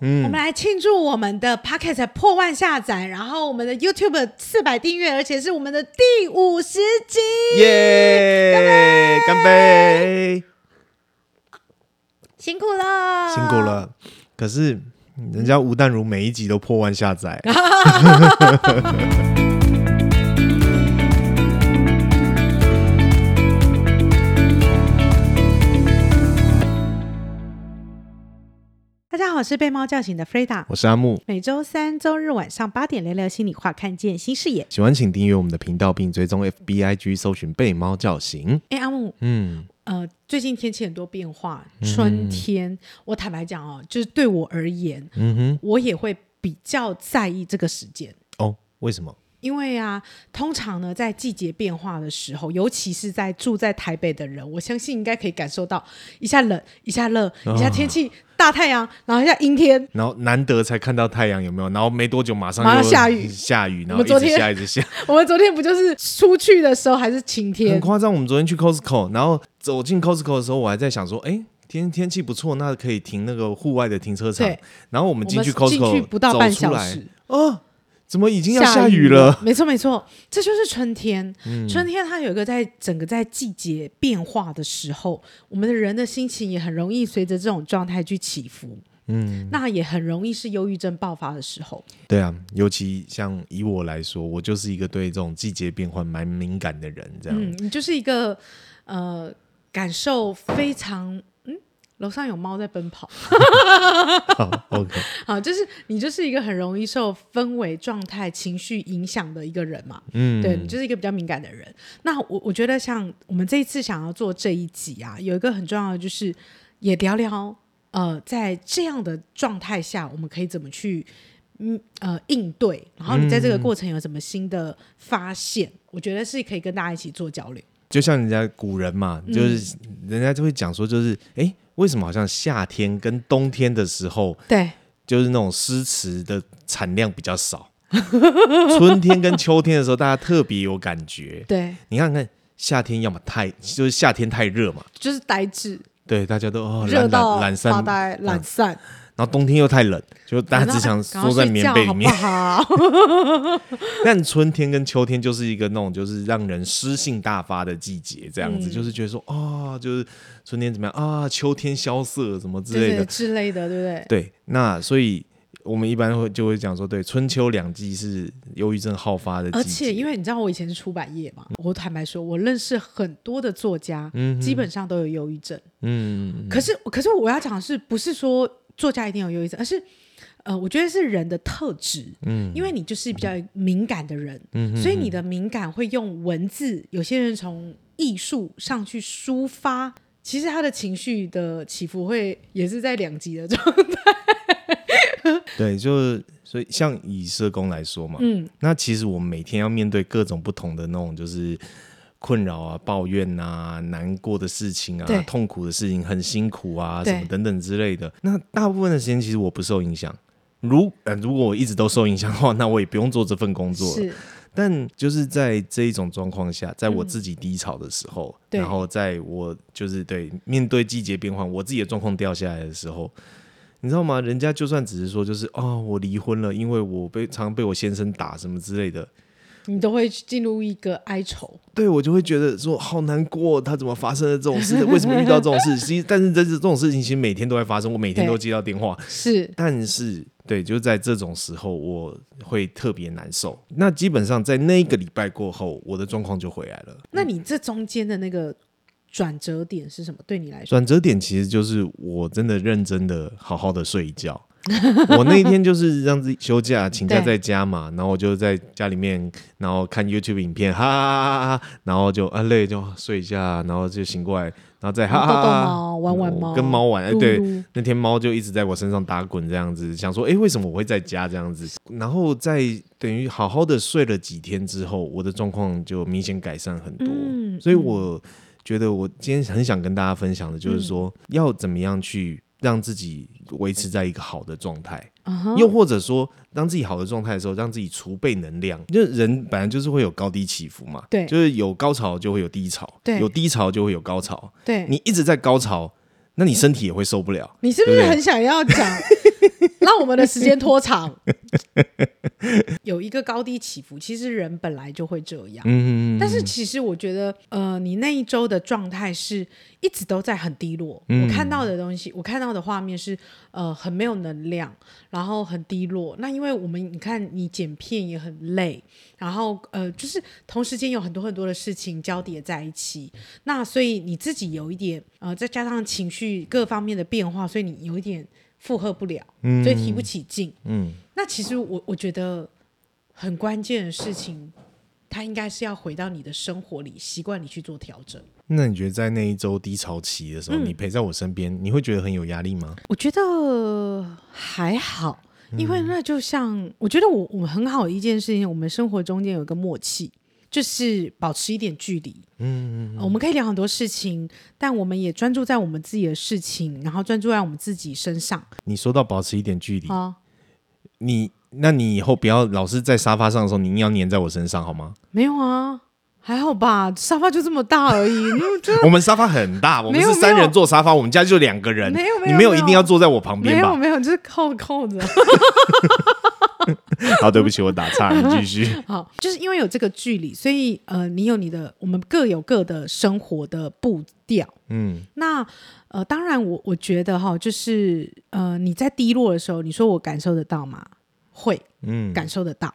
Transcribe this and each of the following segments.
嗯，我們來慶祝我們的 podcast 破萬下載，然後我們的 YouTube 四百訂閱，而且是我們的第五十集，耶！乾杯！辛苦了，辛苦了。可是人家吳淡如每一集都破萬下載。嗯 大家好，我是被貓叫醒的 Freda。我是阿木。每周三、周日晚上八點聊聊心裡話，看見新視野。喜歡請訂閱我們的頻道，並追蹤 FBIG，搜尋“被貓叫醒”。哎、欸，阿木，嗯，呃，最近天氣很多變化，嗯哼，春天，我坦白講哦，就是對我而言，嗯哼，我也會比較在意這個時間哦。為什麼？因為啊，通常呢，在季節變化的時候，尤其是在住在台北的人，我相信應該可以感受到一下冷，一下熱，哦、一下天氣大太陽，然後一下陰天，然後難得才看到太陽有沒有，然後沒多久馬上下雨，下雨，然後一直下一直下 我們昨天不就是出去的時候還是晴天，很誇張，我們昨天去 Costco，然後走進 Costco 的時候，我還在想說，哎，天天氣不錯，那可以停那個戶外的停車場。對然後我們進去 Costco，進去不到半小時，哦。怎麼已經要下雨了？雨，沒錯沒錯，這就是春天。嗯，春天它有一個在整個在季節變化的時候，我們的人的心情也很容易隨着這種狀態去起伏。嗯，那也很容易是憂鬱症爆發的時候。對啊，尤其像以我來說，我就是一個對這種季節變換蠻敏感的人。這樣，嗯，你就是一個呃，感受非常。樓上有貓在奔跑 好。好，OK，好，就是你就是一個很容易受氛圍、狀態、情緒影響的一個人嘛。嗯，對，你就是一個比較敏感的人。那我我覺得，像我們這一次想要做這一集啊，有一個很重要的就是，也聊聊呃，在這樣的狀態下，我們可以怎麼去嗯呃應對。然後你在這個過程有什麼新的發現？嗯，我覺得是可以跟大家一起做交流。就像人家古人嘛，就是人家就會講說，就是哎。嗯，欸為什麼好像夏天跟冬天的時候，對，就是那種詩詞的產量比較少。 春天跟秋天的時候，大家特別有感覺。對，你看看夏天，要麼太就是夏天太熱嘛，就是呆滯。對，大家都哦，熱到懶懶散，發呆、懶懶散。然後冬天又太冷，就大家只想縮在棉被裡面。但春天跟秋天就是一個那種就是讓人詩性大發的季節，這樣子、嗯、就是覺得說啊、哦，就是。春天怎麼樣啊？秋天蕭瑟，什麼之類的對對對之類的，對不對？對，那所以我們一般會就會講說，對，春秋兩季是憂鬱症好發的季節。而且因為你知道，我以前是出版業嘛，嗯、哼我坦白說，我認識很多的作家，嗯哼，基本上都有憂鬱症，嗯哼。可是，可是我要講的是，不是說作家一定有憂鬱症，而是，呃，我覺得是人的特質，嗯哼，因為你就是比較敏感的人，嗯哼，所以你的敏感會用文字，有些人從藝術上去抒發。其實他的情緒的起伏會也是在兩極的狀態。對，就是所以像以社工來說嘛，嗯，那其實我們每天要面對各種不同的那種就是困擾啊、抱怨啊、難過的事情啊、對痛苦的事情，很辛苦啊，對什麼等等之類的。那大部分的時間其實我不受影響。如果，呃，如果我一直都受影響的話，那我也不用做這份工作了。是。但就是在這一種狀況下，在我自己低潮的時候，嗯、然後在我就是對面對季節變換，我自己的狀況掉下來的時候，你知道嗎？人家就算只是說，就是啊、哦，我離婚了，因為我被，常常被我先生打什麼之類的，你都會進入一個哀愁。對，我就會覺得說好難過，他怎麼發生了這種事？為什麼遇到這種事？ 其實，但是這這種事情，其實每天都在發生。我每天都接到電話，是，但是。對，就在這種時候，我會特別難受。那基本上在那一個禮拜過後，我的狀況就回來了。那你這中間的那個轉折點是什麼？對你來說，轉折點其實就是我真的認真的好好的睡一覺。 我那一天就是讓自己休假，請假在家嘛，對然後我就在家裡面，然後看 YouTube 影片，哈哈哈哈，然後就啊累，就睡一下，然後就醒過來。然後再哈哈哈、啊，玩玩貓，嗯、跟貓玩。哎、嗯欸，對，那天貓就一直在我身上打滾，這樣子，想說，哎、欸，為什麼我會在家這樣子？然後在等於好好的睡了幾天之後，我的狀況就明顯改善很多。嗯、所以我覺得我今天很想跟大家分享的就是說，嗯、要怎麼樣去。讓自己維持在一個好的狀態，uh huh. 又或者說當自己好的狀態的時候，讓自己儲備能量。就人本來就是會有高低起伏嘛，對，就是有高潮就會有低潮，對，有低潮就會有高潮，對。你一直在高潮，那你身體也會受不了。你是不是很想要講？ 讓我們的時間拖長，有一個高低起伏。其實人本來就會這樣。嗯、但是其實我覺得，呃，你那一周的狀態是一直都在很低落。嗯、我看到的東西，我看到的畫面是，呃，很沒有能量，然後很低落。那因為我們，你看你剪片也很累，然後呃，就是同時間有很多很多的事情交疊在一起。那所以你自己有一點，呃，再加上情緒各方面的變化，所以你有一點。負荷不了，所以提不起勁。嗯，嗯，那其實我我覺得很關鍵的事情，它應該是要回到你的生活裡，習慣你去做調整。那你覺得在那一周低潮期的時候，嗯、你陪在我身邊，你會覺得很有壓力嗎？我覺得還好，因為那就像、嗯、我覺得我我們很好的一件事情，我們生活中間有一個默契。就是保持一點距離，嗯，嗯，嗯，我們可以聊很多事情，但我們也專注在我們自己的事情，然後專注在我們自己身上。你說到保持一點距離啊，你那你以後不要老是在沙發上的時候，你硬要粘在我身上，好嗎？沒有啊，還好吧，沙發就這麼大而已。 就我們沙發很大，我們是三人坐沙發，我們家就兩個人，沒沒你沒有一定要坐在我旁邊吧？沒有，沒有，就是靠靠子。 好，對不起，我打岔了，繼續。 好，就是因為有這個距離，所以呃，你有你的，我們各有各的生活的步調。嗯，那呃，當然我，我我覺得哈，就是呃，你在低落的時候，你說我感受得到嗎？會，嗯，感受得到。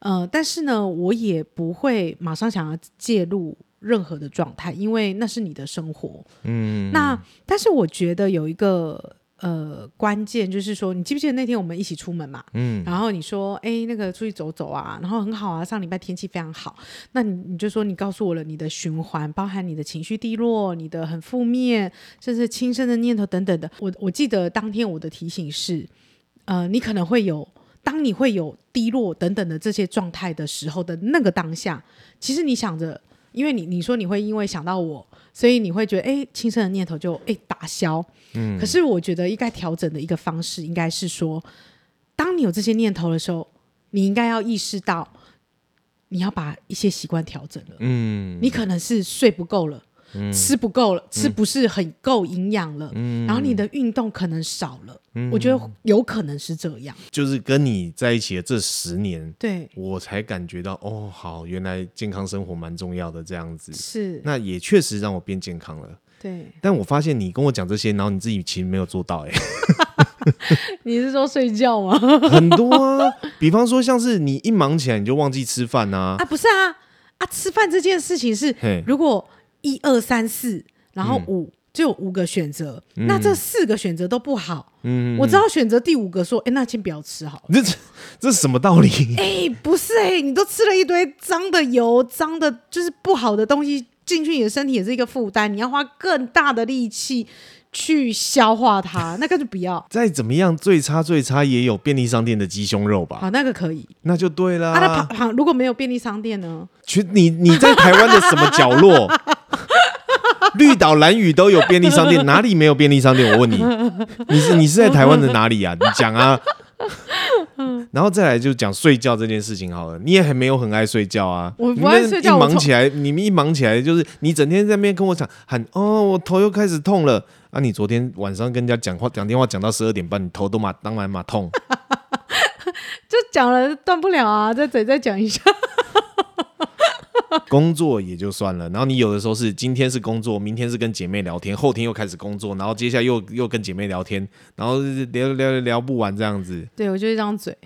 呃，但是呢，我也不會馬上想要介入任何的狀態，因為那是你的生活。嗯，那但是我覺得有一個。呃，關鍵就是說，你記不記得那天我們一起出門嘛？嗯，然後你說，哎，那個出去走走啊，然後很好啊，上禮拜天氣非常好。那你你就說，你告訴我了，你的循環包含你的情緒低落，你的很負面，甚至輕生的念頭等等的。我我記得當天我的提醒是，呃，你可能會有，當你會有低落等等的這些狀態的時候的那個當下，其實你想着。因為你你說你會因為想到我，所以你會覺得哎，輕生的念頭就哎打消。嗯，可是我覺得應該調整的一個方式，應該是說，當你有這些念頭的時候，你應該要意識到，你要把一些習慣調整了。嗯，你可能是睡不夠了。吃不夠了，吃不是很夠營養了，然後你的運動可能少了，我覺得有可能是這樣。就是跟你在一起的這十年，對我才感覺到哦，好，原來健康生活蠻重要的，這樣子是。那也確實讓我變健康了。對，但我發現你跟我講這些，然後你自己其實沒有做到，哎。你是說睡覺嗎？很多啊，比方說像是你一忙起來你就忘記吃飯啊。啊，不是啊，啊，吃飯這件事情是如果。一二三四，2> 1, 2, 3, 4, 然後五，嗯、就有五個選擇，嗯、那這四個選擇都不好，嗯，我只好選擇第五個，說，哎、欸，那先不要吃好了。這這什麼道理？哎、欸，不是哎、欸，你都吃了一堆髒的油、髒的，就是不好的東西進去，你的身體也是一個負擔，你要花更大的力氣去消化它，那個就不要。 再怎麼樣，最差最差也有便利商店的雞胸肉吧？好，那個可以，那就對了。啊，那旁，旁如果沒有便利商店呢？去你你在台灣的什麼角落？ 綠島蘭嶼都有便利商店，哪裡沒有便利商店？我問你，你是你是在台灣的哪裡啊？你講啊。然後再來就講睡覺這件事情好了。你也很沒有很愛睡覺啊。我不愛，一忙起來，你們一忙起來就是你整天在那邊跟我講，喊哦，我頭又開始痛了。啊，你昨天晚上跟人家講話、講電話講到十二點半，你頭都嘛當然嘛痛。就講了斷不了啊，再再再講一下。工作也就算了，然後你有的時候是今天是工作，明天是跟姐妹聊天，後天又開始工作，然後接下來又又跟姐妹聊天，然後聊聊聊不完這樣子。對，我就是一張嘴。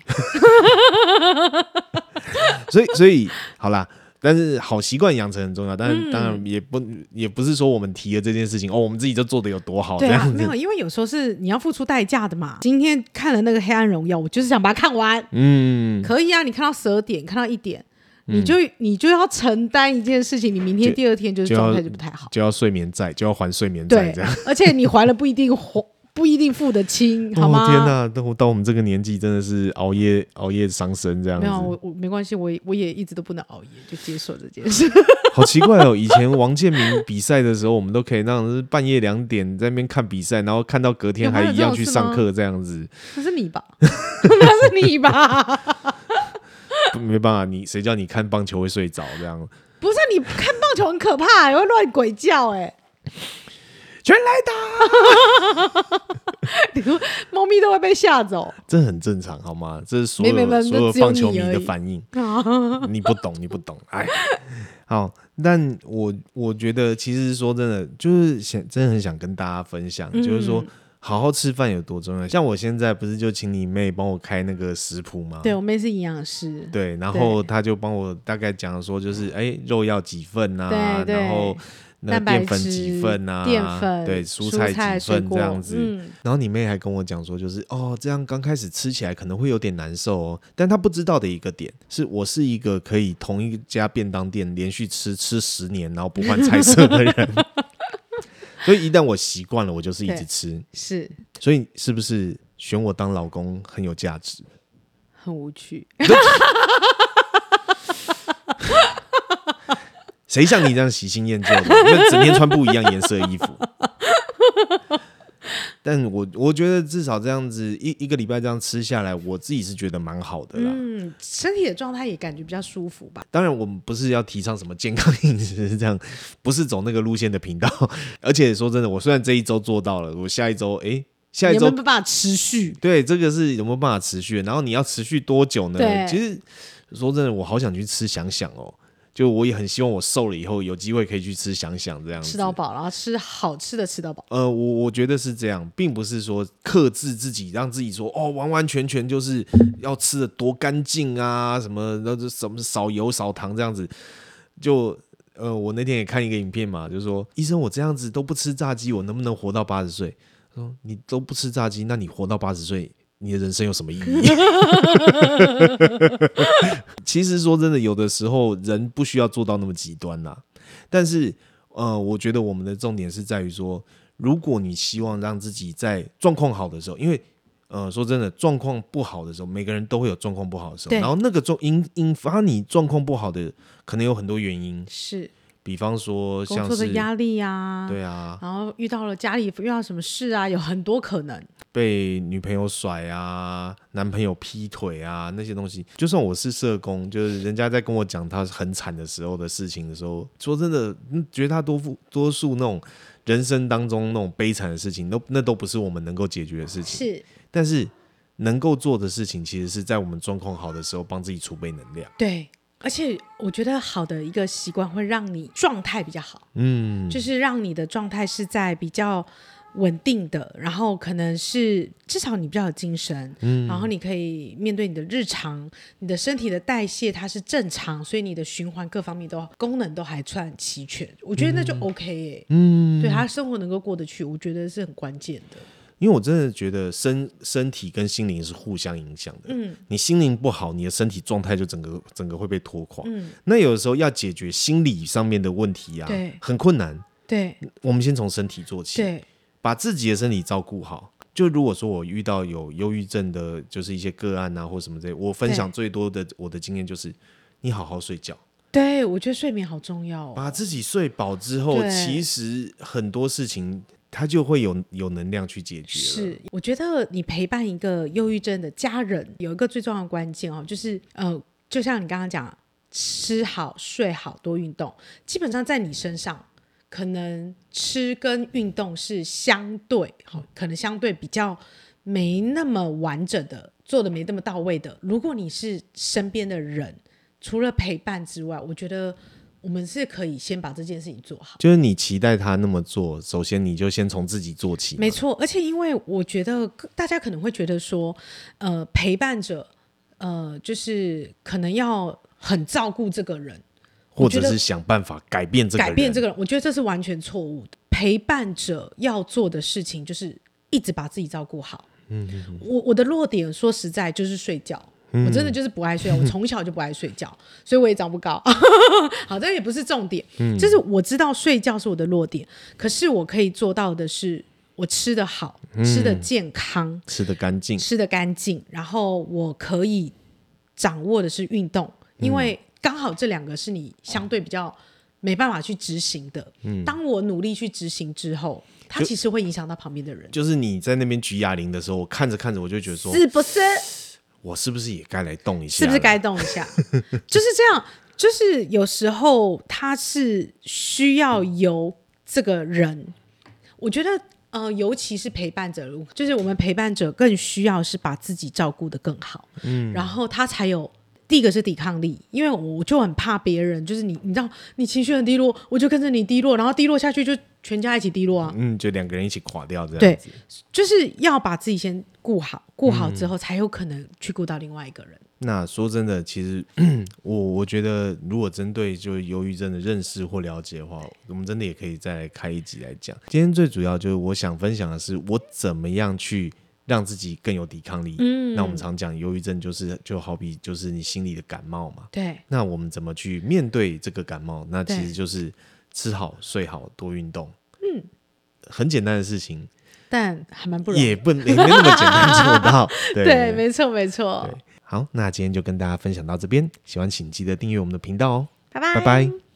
所以所以好啦，但是好習慣養成很重要，但是、嗯、當然也不也不是說我們提了這件事情哦，我們自己就做得有多好。對啊，沒有，因為有時候是你要付出代價的嘛。今天看了那個《黑暗榮耀》，我就是想把它看完。嗯，可以啊，你看到十二點，看到一點。你就你就要承擔一件事情，你明天第二天就是狀態就不太好，就要，就要睡眠債，就要還睡眠債，這樣。而且你還了不一定還，不一定付得清，哦、好嗎？天哪、啊，到到我們這個年紀，真的是熬夜熬夜傷身這樣子。沒有，我我沒關係，我也我也一直都不能熬夜，就接受這件事。好奇怪哦， 以前王建民比賽的時候，我們都可以那樣半夜兩點在那邊看比賽，然後看到隔天還一樣去上課這樣子。那是你吧？那是你吧？沒辦法，你誰叫你看棒球會睡着這樣？不是，你看棒球很可怕， 也會亂鬼叫哎、欸，全來打！ 你說貓咪都會被嚇走，這很正常好嗎？這是所有沒沒所有棒球迷的反應你, 你不懂，你不懂，哎，好，但我我覺得其實說真的，就是想真的很想跟大家分享，嗯、就是說。好好吃飯有多重要？像我現在不是就請你妹幫我開那個食譜嗎？對，我妹是營養師。對，然後她就幫我大概講說，就是哎、欸，肉要幾份啊？對對。然後那個澱粉幾份啊？澱粉對，對，蔬菜幾份這樣子。嗯、然後你妹還跟我講說，就是哦，這樣剛開始吃起來可能會有點難受哦。但她不知道的一個點是，我是一個可以同一家便當店連續吃吃十年，然後不換菜色的人。 所以一旦我習慣了，我就是一直吃。是，所以是不是選我當老公很有價值？很無趣。誰 像你這樣喜新厭舊的，整天穿不一樣顏色的衣服。但我我覺得至少這樣子一一個禮拜這樣吃下來，我自己是覺得蠻好的啦。嗯，身體的狀態也感覺比較舒服吧。當然，我們不是要提倡什麼健康飲食這樣，不是走那個路線的頻道。而且說真的，我雖然這一週做到了，我下一週哎、欸，下一週有沒有辦法持續？對，這個是有沒有辦法持續？然後你要持續多久呢？對其實說真的，我好想去吃想想哦。就我也很希望我瘦了以後有機會可以去吃想想這樣吃到飽了，然後吃好吃的吃到飽。呃，我我覺得是這樣，並不是說克制自己，讓自己說哦，完完全全就是要吃得多乾淨啊，什麼那什麼少油少糖這樣子。就呃，我那天也看一個影片嘛，就說醫生，我這樣子都不吃炸雞，我能不能活到八十歲？說你都不吃炸雞，那你活到八十歲？你的人生有什麼意義？其實說真的，有的時候人不需要做到那麼極端啦。但是，呃，我覺得我們的重點是在於說，如果你希望讓自己在狀況好的時候，因為，呃，說真的，狀況不好的時候，每個人都會有狀況不好的時候。對然後，那個狀引引發你狀況不好的，可能有很多原因。是。比方說像是，工作的壓力呀、啊，對啊，然後遇到了家裡遇到什麼事啊，有很多可能被女朋友甩啊，男朋友劈腿啊那些東西。就算我是社工，就是人家在跟我講他很慘的時候的事情的時候，說真的，絕大多、多數那種人生當中那種悲慘的事情，都那都不是我們能夠解決的事情。是，但是能夠做的事情，其實是在我們狀況好的時候，幫自己儲備能量。對。而且我覺得好的一個習慣會讓你狀態比較好，嗯，就是讓你的狀態是在比較穩定的，然後可能是至少你比較有精神，嗯，然後你可以面對你的日常，你的身體的代謝它是正常，所以你的循環各方面都功能都還算齊全，我覺得那就 OK 嗯，對，他生活能夠過得去，我覺得是很關鍵的。因為我真的覺得身身體跟心靈是互相影響的，嗯，你心靈不好，你的身體狀態就整個整個會被拖垮，嗯，那有時候要解決心理上面的問題呀、啊，對，很困難，對我，我們先從身體做起，對，把自己的身體照顧好，就如果說我遇到有憂鬱症的，就是一些個案啊，或什麼這些，我分享最多的我的經驗就是，對你好好睡覺，對我覺得睡眠好重要，哦，把自己睡飽之後，對其實很多事情，他就會有有能量去解決。是，我覺得你陪伴一個憂鬱症的家人，有一個最重要的關鍵哦，就是呃，就像你剛剛講，吃好、睡好、多運動，基本上在你身上，可能吃跟運動是相對，好、哦，可能相對比較沒那麼完整的，做的沒那麼到位的。如果你是身邊的人，除了陪伴之外，我覺得。我們是可以先把這件事情做好，就是你期待他那麼做，首先你就先從自己做起。沒錯，而且因為我覺得大家可能會覺得說，呃，陪伴者，呃，就是可能要很照顧這個人，或者是想辦法改變這個人改變這個人。我覺得這是完全錯誤的。陪伴者要做的事情就是一直把自己照顧好。嗯，嗯嗯，我我的弱點，說實在就是睡覺。我真的就是不愛睡，嗯、我從小就不愛睡覺，嗯、所以我也長不高。 好，這也不是重點，嗯、就是我知道睡覺是我的弱點，可是我可以做到的是我吃得好，嗯、吃得健康，吃得乾淨，吃得乾淨。然後我可以掌握的是運動，嗯、因為剛好這兩個是你相對比較沒辦法去執行的。嗯，當我努力去執行之後，它其實會影響到旁邊的人。就是你在那邊舉啞鈴的時候，我看着看着我就覺得說，是不是？我是不是也該來動一下？是不是該動一下？ 就是這樣，就是有時候他是需要由這個人，嗯、我覺得呃，尤其是陪伴者，就是我們陪伴者更需要是把自己照顧得更好，嗯，然後他才有。第一個是抵抗力，因為我就很怕別人，就是你，你知道，你情緒很低落，我就跟着你低落，然後低落下去，就全家一起低落啊，嗯，就兩個人一起垮掉這樣子。對，就是要把自己先顧好，顧好之後，才有可能去顧到另外一個人。嗯、那說真的，其實我我覺得，如果針對就憂鬱症的認識或了解的話，我們真的也可以再來開一集來講。今天最主要就是我想分享的是，我怎麼樣去。讓自己更有抵抗力。嗯，嗯，那我們常講憂鬱症就是就好比就是你心裡的感冒嘛。對，那我們怎麼去面對這個感冒？那其實就是吃好睡好多運動。嗯，很簡單的事情，但還蠻不容易。也不也，欸，沒那麼簡單做到。 對，對，對，沒錯，沒錯。好，那今天就跟大家分享到這邊，喜歡請記得訂閱我們的頻道哦。拜，拜拜。拜拜。